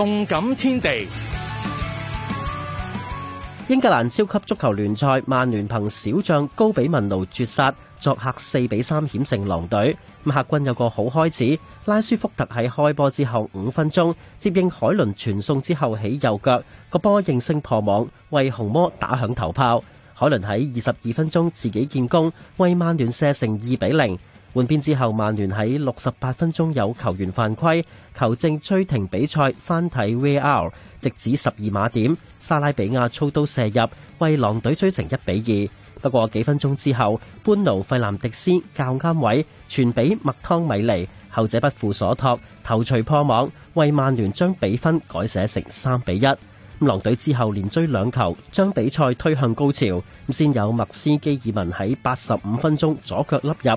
動感天地，英格蘭超級足球聯賽，曼聯憑小將高比文奴絕殺，作客四比三險勝狼隊。咁客軍有個好開始，拉舒福特喺開波之後五分鐘接應海倫傳送之後起右腳個波應聲破網，為紅魔打響頭炮。海倫喺二十二分鐘自己建功，為曼聯射成二比零。換邊之後，曼聯喺六十八分鐘有球員犯規，球證追停比賽，翻睇 VAR 直至十二碼點，沙拉比亞操刀射入，為狼隊追成一比二。不過幾分鐘之後，班奴費南迪斯較啱位，傳俾麥湯米尼，後者不負所託，頭錘破網，為曼聯將比分改寫成三比一。狼隊之後連追兩球，將比賽推向高潮。先有麥斯基爾文喺八十五分鐘左腳粒入。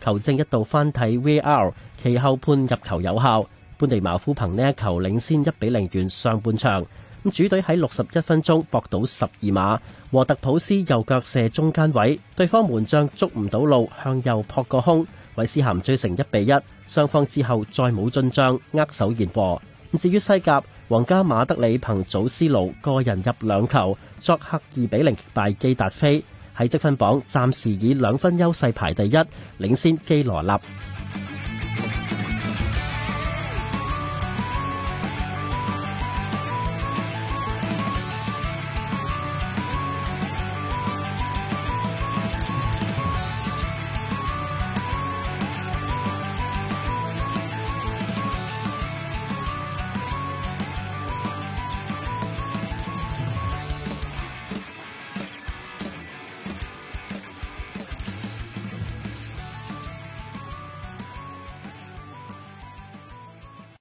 球證一度翻睇 V.R，其後判入球有效。般尼矛夫憑呢一球領先一比零完上半場。主隊喺六十一分鐘博到十二碼，和特普斯右腳射中間位，對方門將捉唔到路，向右撲個空。韋斯咸追成一比一，雙方之後再冇進賬，握手言和。至於西甲，皇家馬德里憑祖斯路個人入兩球，作客二比零擊敗基達菲。喺積分榜暫時以兩分優勢排第一，領先基羅納。